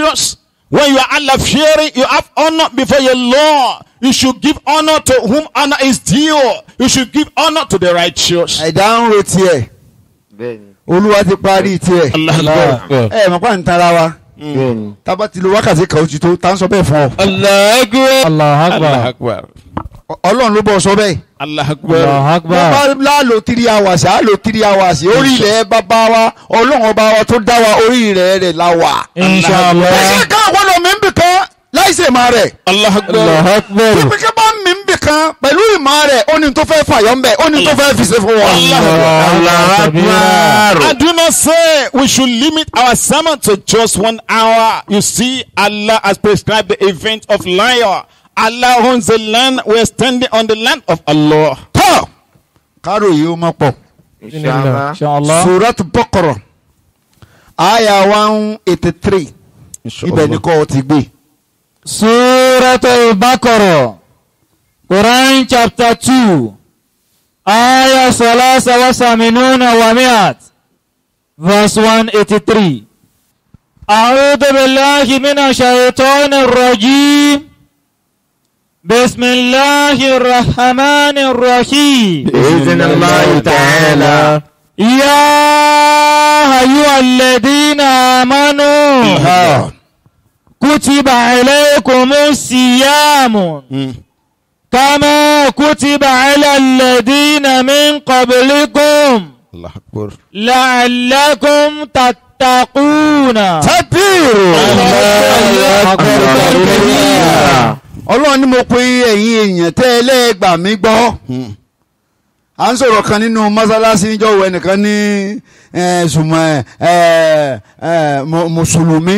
righteous. When you are Allah fearing, you have honor before your Lord. You should give honor to whom honor is due. You should give honor to the righteous. Ẹ̀dá ń retí ẹ̀. Olúwa ti parí tiẹ̀. Ẹ mọ̀ pa ń tara Mm. tába ti lo wákàtí kan ojú tó tá n sọ bẹ́ẹ̀ fún ọ. Allahu Akbar ló bọ̀ sọ bẹ́ẹ̀. Allahu Akbar bàbá láàlò three hours àlò three hours orí ilẹ̀ bàbá wa ọlọ́run ọba wa tó dá wa orí rẹ̀ la wà. Inshallah. ẹ ṣe ká àwọn ọmọ mi ń bì kan máa rẹ̀. Allahu Akbar. pípín kí bá kan pẹ̀lú ìmọ̀ rẹ̀ ó ní tó fẹ́ fàyọ̀ mbẹ́ ó ní tó fẹ́ fi ṣe fún wọn. I do not say we should limit our sermon to just one hour. You see, Allah has prescribed the event of liar. Allah owns the land. We are standing on the land of Allah. Tọ́ kárò yìí ó máa pọ̀. Surat Baqarah aya one eighty three ibẹ̀ ni kò ti gbé. Surat Baqarah. Quran chapter 2 aya salasa wa saminuna wa mi'at verse 183 أعوذ بالله من الشيطان الرجيم بسم الله الرحمن الرحيم بإذن الله تعالى يا أيها الذين آمنوا كتب عليكم الصيام كما كتب على الذين من قبلكم الله أكبر لعلكم تتقون تكبير الله أكبر ọlọ́run ni mo pe ẹ̀yin èèyàn tẹ́ ẹlẹ́gbà mí gbọ́ hmm. à ń sọ̀rọ̀ kan nínú mọ́sálásí níjọ́ wo ẹnìkan ní ṣùmọ̀ mùsùlùmí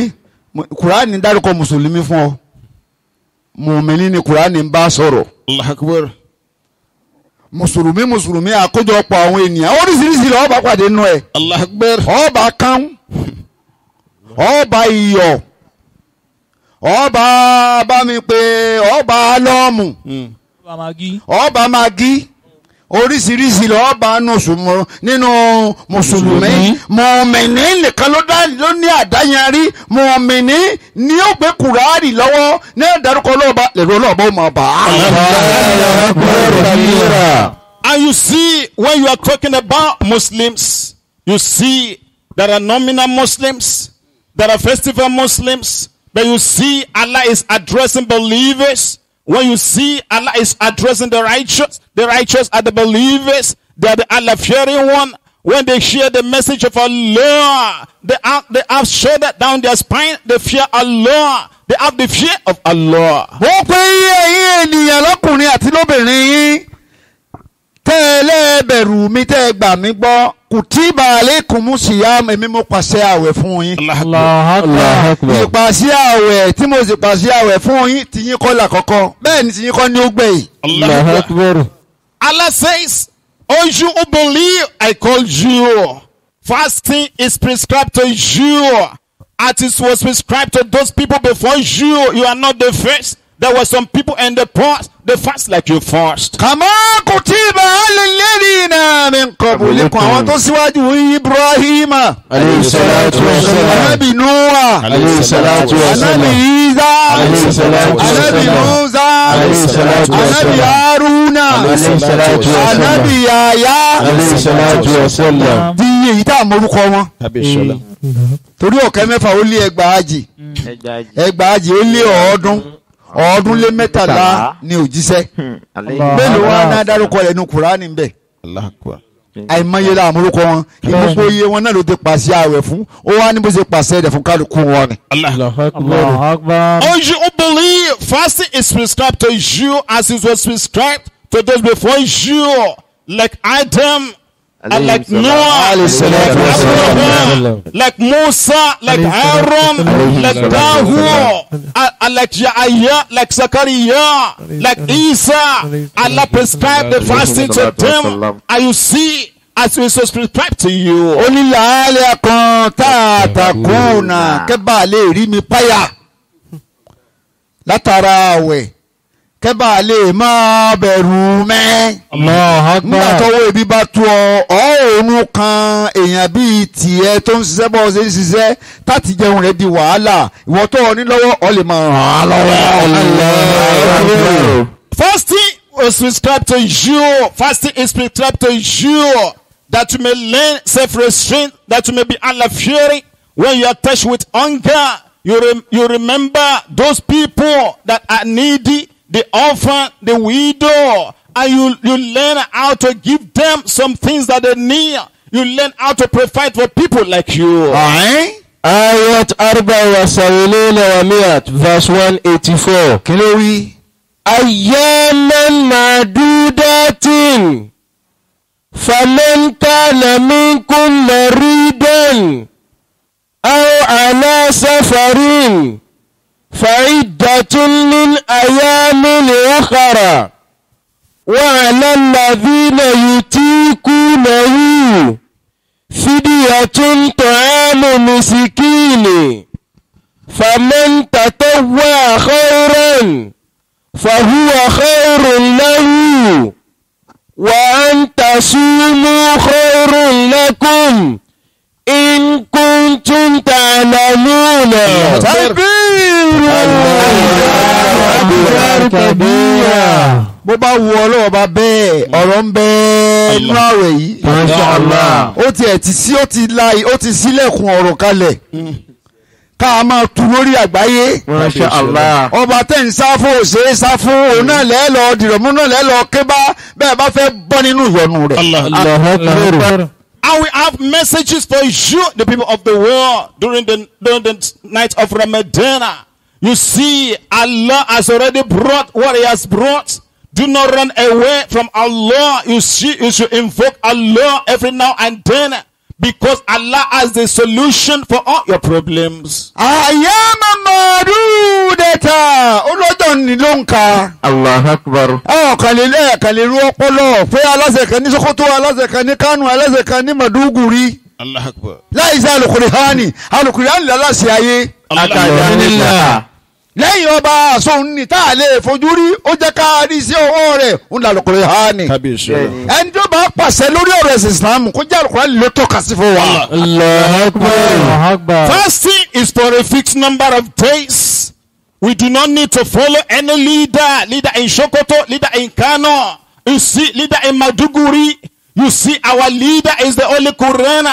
kùránì dárúkọ mùsùlùmí fún ọ mùmíní ni kùránì ń bá sọ̀rọ̀ lahakubar mùsùlùmí mùsùlùmí àkójọpọ̀ àwọn ènìyàn oríṣiríṣi lọ́ọ́ bá pàdé nù ẹ̀. lahakubar ọba kan ọba iyọ̀ ọba bá mi pé ọba alọ́ọ̀mù hmm. ọba magi oríṣiríṣi lọ́ọ́ bá nínú mùsùlùmí mọ̀ọ́mìnì nìkan ló ní àdáyanrí mọ̀ọ́mìnì ni ó gbé kùràárì lọ́wọ́ ní ìdárúkọ lọ́ọ̀bá lèrò ọlọ́ọ̀bá ó máa And you see when you are talking about Muslims you see there are nominal Muslims there are festival Muslims but you see Allah is addressing believers. When you see Allah is addressing the righteous, the righteous are the believers, they are the Allah fearing one. When they share the message of Allah, they have, they have shouldered down their spine, they fear Allah. They have the fear of Allah. tẹ́ ẹ lẹ́ẹ̀bẹ̀rù mi tẹ́ ẹ gbà mí gbọ́ kùtìbà aleikum siyam èmi mo pàṣẹ àwẹ̀ fún yín. ìpàṣẹ àwẹ̀ tí mo sì pàṣẹ àwẹ̀ fún yín tìyín kọ́ là kọ́kọ́ bẹ́ẹ̀ ni tìyín kọ́ ni ó gbẹ̀yìn. Allah says, O you who believe, I call you. Fasting is prescribed to you. As it was prescribed to those people before you. You are not the first. There were some people in the fast, they fast like you fast. Kàmá kutiba alladhina min qablikum àwọn tó síwájú Ibrahima. Alayhi salatu wa salam. Anabi Nuwa. Alayhi salatu wa salam. Anabi Isa. Alayhi salatu wa salam. Anabi Musa. Alayhi salatu wa salam. Anabi Haruna. Alayhi salatu wa salam. Anabi Yaya. Alayhi salatu wa salam. Di iye yìí tá a morúkọ wọn. Torí ọ̀kẹ́ mẹ́fà ó lé ẹgbàájì. Ẹgbàájì ó lé ọ̀ọ́dún ọdún lé mẹ́tàlá ni òjíṣẹ́ hmm, mélòó wa náà dárúkọ rẹ̀ nu kùránì bẹ́ẹ̀ àìmọye la àmúlùkọ wọn hmm. ìmúpo iye wọn náà ló ti pàṣẹ ààwẹ̀ fún ó wá ní bó ṣe pàṣẹ rẹ̀ fún kálukú wọn ni. all you believe fasting is prescribed to you as it was prescribed to those before you like Adam like Noah, like Musa, like Aaron, like Dawud, uh, uh, like Yahya, like Zachariah, like Isa. Allah prescribed the fasting to them. And you see, as we subscribe to you. ó ní kẹ́bà lè má bẹ̀rù mẹ́. nígbà tọ́wọ́ ebi bá tú ọ ọ̀ọ́rùn kan èèyàn bíi tìẹ tó ń ṣiṣẹ́ bọ́ ṣe ń ṣiṣẹ́ táti jẹun rẹ̀ di wàhálà ìwọ tó ọ ní lọ́wọ́ ọ lè máa ràn án lọ́wọ́. fasting is prescribed to you fasting is prescribed to you that you may learn self-restraint that you may be allah fearing when you are touched with hunger you, re you remember those people that are needy the orphan, the widow, and you, you learn how to give them some things that they need. You learn how to provide for people like you. Ayat Arba wa Sawilina wa Miyat, verse 184. Kí ló wí? Ayyaman Madudatin, Faman وأن تصوموا خير لكم إن كنتم تعلمون تكبير كبيرة bó bá wu ọlọ́wọ́ bá bẹ́ẹ̀ ọ̀rọ̀ ń bẹ nínú àwẹ̀ yìí ó tiẹ̀ ti sí ó ti la ó ti sílẹ̀kùn ọ̀rọ̀ kalẹ̀ ká a máa tu lórí àgbáyé. Masha Allah. ọba tẹ̀ ń sá fún òṣè sá fún òun náà lẹ́ẹ̀ lọ dìrọ̀mú náà lẹ́ẹ̀ lọ ké bá bẹ́ẹ̀ bá fẹ́ bọ́ nínú ìyọnu rẹ̀. Allah And we have messages for you, the people of the world, during the, during the night of Ramadan. You see, Allah has already brought what He has brought. Do not run away from Allah. You see, you should invoke Allah every now and then. Because Allah has a solution for all your problems. Àyàmà màdúdẹ̀ta olójó nílò nǹka. Allahu Akbar. Ọ̀kànlélẹ̀ kàlérú ọpọlọ pé aláṣẹ kan ní Sokoto aláṣẹ kan ní Kano aláṣẹ kan ní Maduguri. Allahu Akbar. Láì sẹ́ alukuri hání alukuri hání lálàsì ayé. Allahu Akbar lẹ́yìn ọba àsohun ní tá a lè fojú rí ó jẹ́ ká rí sí ọwọ́ rẹ̀ ń la lọ́kùnrin ha ni. ẹni tó bá pàṣẹ lórí ọ̀rọ̀ ẹ̀sìn Islam kó jẹ́ àlùkùnrin ló tọ́ka sí fún wa. Fasting is for a fixed number of days. We do not need to follow any leader, leader in Sokoto, leader in Kano, you see leader in Maduguri. You see our leader is the only Qur'an.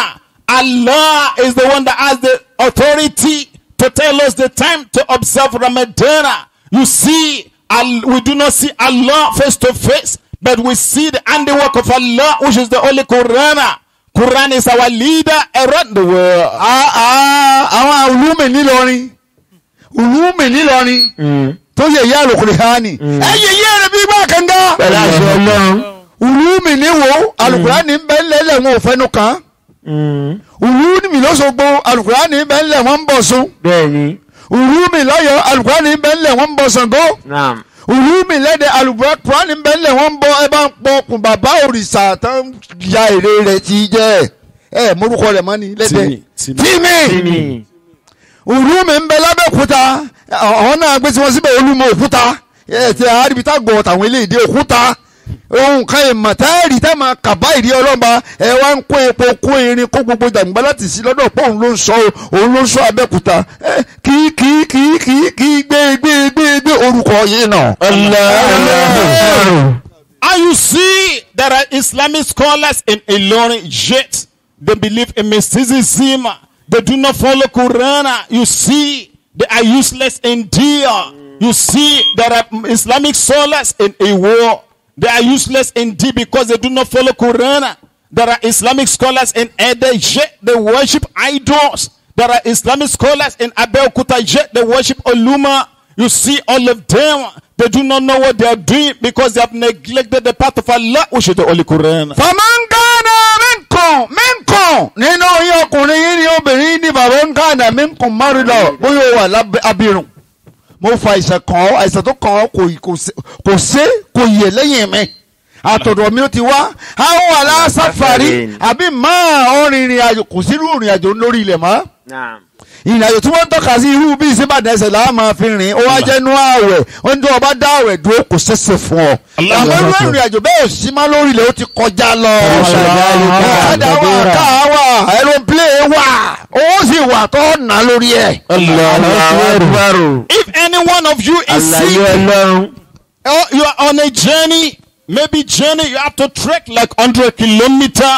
Allah is the one that has the authority to tell us the time to observe Ramadan. You see, we do not see Allah face to face, but we see the handiwork of Allah, which is the Holy Quran. Quran is our leader around the world. Ah, ah, àwọn olúmi nílọrin, olúmi nílọrin mm. tó yẹ ìyá Al-Qur'ani. Mm. Ẹ yẹ iye rẹ̀ bí bá kanga. Bẹ́ẹ̀ni àṣẹ Ọlọ́run. Olúmi níwò, Al-Qur'ani ń bẹ́ lẹ́lẹ̀ wọn ò fẹ́nu kan. Òwú mi lọ́sọ̀gbọ́ alukurani bẹ́ẹ̀ lẹ̀ wọ́n ń bọ̀ sún. Bẹ́ẹ̀ni. Òwú mi lọ́yọ̀ alukurani bẹ́ẹ̀ lẹ̀ wọ́n ń bọ̀ Ṣàngó. Naam òwú mi lẹ́dẹ̀ alukurani bẹ́ẹ̀ lẹ̀ wọ́n ń bọ̀ ẹ bá ń pọkùn bàbá òrìṣà tó ń ya èrè rẹ̀ ti jẹ́ ẹ morúkọ rẹ̀ mọ́ ni lẹ́dẹ̀ tìmí òwú mi ń bẹ lábẹ́òkúta ọ̀hún náà gbé tí wọ́n síbẹ̀ olúmọ òkúta ẹ̀ e, tẹ̀ àríbi tá tàwọn eléyìí dé òkúta ohun kan ìmọ̀ tá tá a máa kàbá ìrí ọlọ́mọ ẹ wá ń kó epo kó irin kó gbogbo jàǹgbá láti sí lọ́dọ̀ pé òun ló ń sọ òun ló ń sọ abẹ́kúta kì í kì í kì í kì í kì í gbé gbé gbé gbé orúkọ yìí náà. And you see there are Islamic scholars in Ilorin yet they believe in mysticism they do not follow Quran you see they are useless in deal. you see there are Islamic scholars in a war. They are useless indeed because they do not follow Quran. There are Islamic scholars in Ede, yet they worship idols. There are Islamic scholars in Abeokuta, yet they worship Oluma. You see all of them. They do not know what they are doing because they have neglected the path of Allah, which is the Holy Quran. minkum minkum nínú yín ọkùnrin yín ni obìnrin ní bàbá ń kàdà minkum márùn lọ bóyá ó wà lábẹ́ abirùn mo fa àìsàn kàn ọ́ àìsàn tó kàn ọ́ kò ṣe kò yẹ lẹ́yìn mi àtọ̀dọ̀ mi ló ti wá àwọn aláṣàfàrí àbí máa ọ̀rìnrìn àjò kò sí irú ìrìn àjò lórí ilẹ̀ mọ́ ìrìn àjò tí wọ́n tọ́ka sí irú bíi síbàdàn ẹsẹ̀ làá máa fi rìn ó wá jẹ́ inú ààwẹ̀ ó ń dún ọba dá ààwẹ̀ dúró kò ṣẹ̀ṣẹ̀ fún ọ. àmọ́ irú ìrìn àjò bẹ́ẹ̀ ò sí má lórí ilẹ̀ ó ti kọjá lọ. ọ̀kadà wà káà wà aeroplane wà owó sì wà tó nà lórí ẹ̀. any one of you is sick, Oh, you are on a journey, maybe journey you have to trek like 100 kilometer,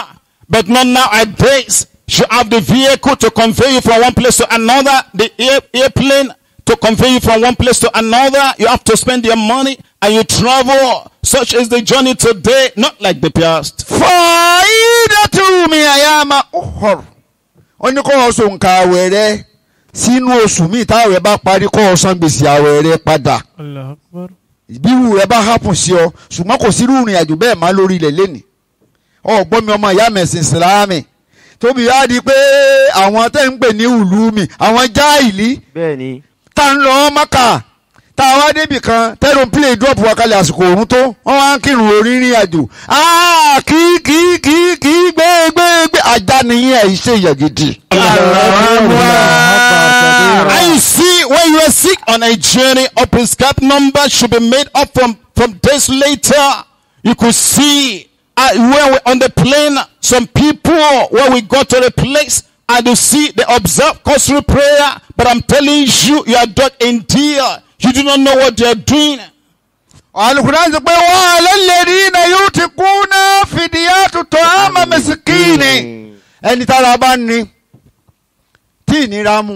but not base, You have the vehicle to convey you from one place to another, the air, airplane to convey you from one place to another. You have to spend your money and you travel. Such is the journey today, not like the past. For sínú oṣù míì táwẹ̀ bá parí kọ́ ọ san gbèsè àwẹ̀ rẹ padà bírú rẹ bá hápùn sí ọ ṣùgbọ́n kò sí rúurin àjò bẹ́ẹ̀ má lórí ilẹ̀ lẹ́nì ọ̀gbọ́n mi ọmọ ìyá mẹ̀sìn sìlámì tóbi yá di pé àwọn tẹ́ ń pè ní ìlú mi àwọn jáìlì tá ń lọ Mákà tá a wá débì kan tẹ́rùn play drop wa àsìkò òun tó wọ́n wá ń kírun orírìn àjò kí kí kí kí gbé gbé gbé ajá nìyẹn àìṣe ìyà I see when you are sick on a journey, open scarf number should be made up from, from days later. You could see uh, when we're on the plane, some people, when we got to the place, and you see they observe costly prayer. But I'm telling you, you are not in dear. You do not know what they are doing. Alukuran sọ pé wọ́n alẹ́lẹ́rì náà yóò ti kú náà fìdíyà tuntun àmà mẹ́sìkìnì. Ẹni tára bá ní tí ìnira mú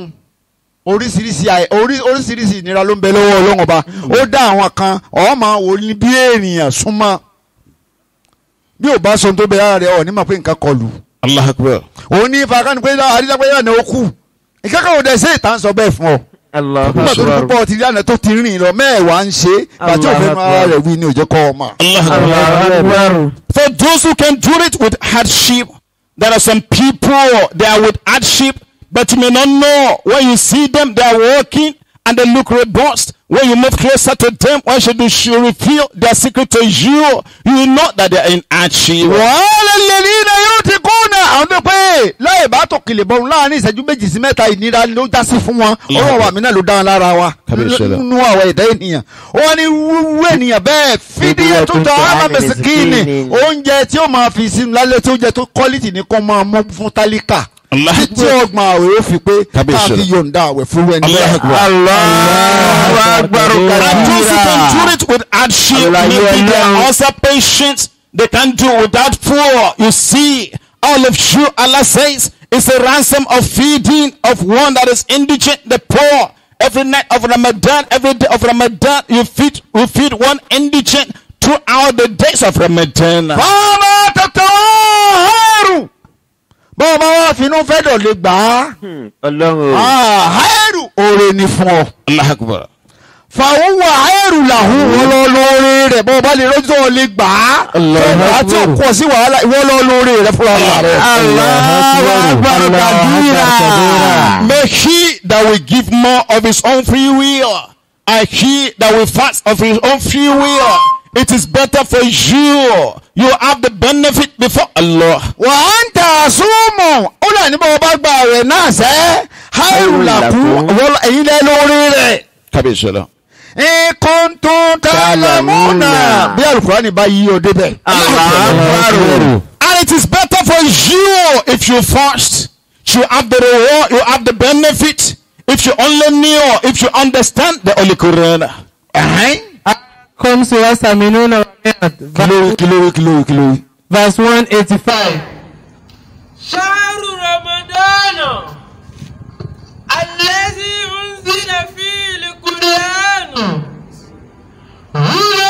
oríṣiríṣi ìnira ló ń bẹ lọ́wọ́ Ọlọ́run Ọba. Ó dá àwọn kan ọ̀ọ́mà wò ní bí èèyàn súnmọ́. Bí ò bá sọ tó bẹ ara rẹ̀ ọ̀ ní mà pé nǹkan kọlù. Allahu Akbar. Òun ní ìfakànnì pé àdìsá pé yàrá ni ó kù. Ìkẹ́kọ̀ọ́ òde ṣé ìtàn sọ bẹ́ẹ̀ fún ọ. For those who can do it with hardship, there are some people they are with hardship, but you may not know when you see them they are working. and they look robust. When you move closer to them, why should you reveal their secret to you? You know that they are in achieve. wọ́n tó pé láì láàrin ìṣẹ́jú méjì sí mẹ́ta ìnira ló já sí fún wọn ọ̀rọ̀ wa mi náà ló dáhùn lára wa nínú ní wúwú ènìyàn bẹ́ẹ̀ fídíò tó tọ́ ámàmẹ́sì kíni oúnjẹ tí ó máa fi sínú lálẹ́ tí oúnjẹ tó kọ́lìtì ní kó máa mú fún tálíkà. tí ọgbọ̀n àwẹ̀ ó fi I káàfi yọ̀ǹda àwẹ̀ fún wẹ̀ ní ẹ̀kọ́. Allahu Akbar and those who can do it with hardship maybe they are also patient they can do without poor you see all of you Allah says it's a ransom of feeding of one that is indigent the poor every night of Ramadan every day of Ramadan you feed you feed one indigent throughout the days of Ramadan. bọ́ ọba wa finú fẹ́ dọ̀lẹ́ gbà á. Hmm, ọlọ́run àhẹ́rù ah, oore ni fún ọ. Allahu fàwọn wà àhẹ́rù làwọn wọ́n rẹ̀ bọ́ ọba lè rọ́jò lè gbà á. Allahu Akbar. àti òkú ọ̀sí wàhálà ìwọ́n lọ lóore rẹ̀ rẹ̀. Allahu Akbar May he that will give more of his own free will and he that will fast of his own free will. It is better for you. You have the benefit before Allah. Wà á súnmù. Ó lè ní bá gba àwẹ̀ náà sẹ́. Háìrù làkú wọ́lọ́ ẹ̀yin lẹ́ lórí rẹ̀. Kábíyèsí ọ̀la. Ikun tún tàlámúnà. Bí Àlùkùránì bá yí o débẹ̀. And it is better for you if you fast. You have the reward, you have the benefit. If you only knew, if you understand the Holy Quran. Uh-huh. Khomsu yastaminuna wa mi'at. Kílówó kílówó kílówó kílówó. Verse one eighty five. Ṣáàrù Ramadana, Allazi unzila fíìlì Kùránù, Rúlọ.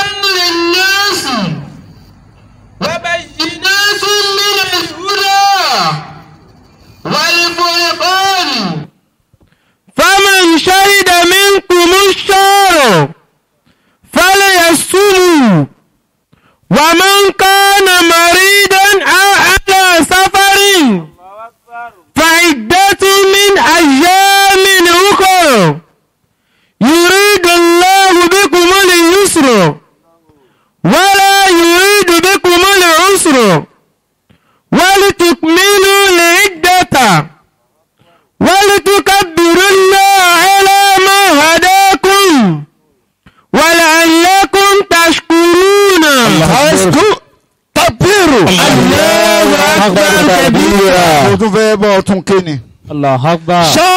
আল্লাহ হকবা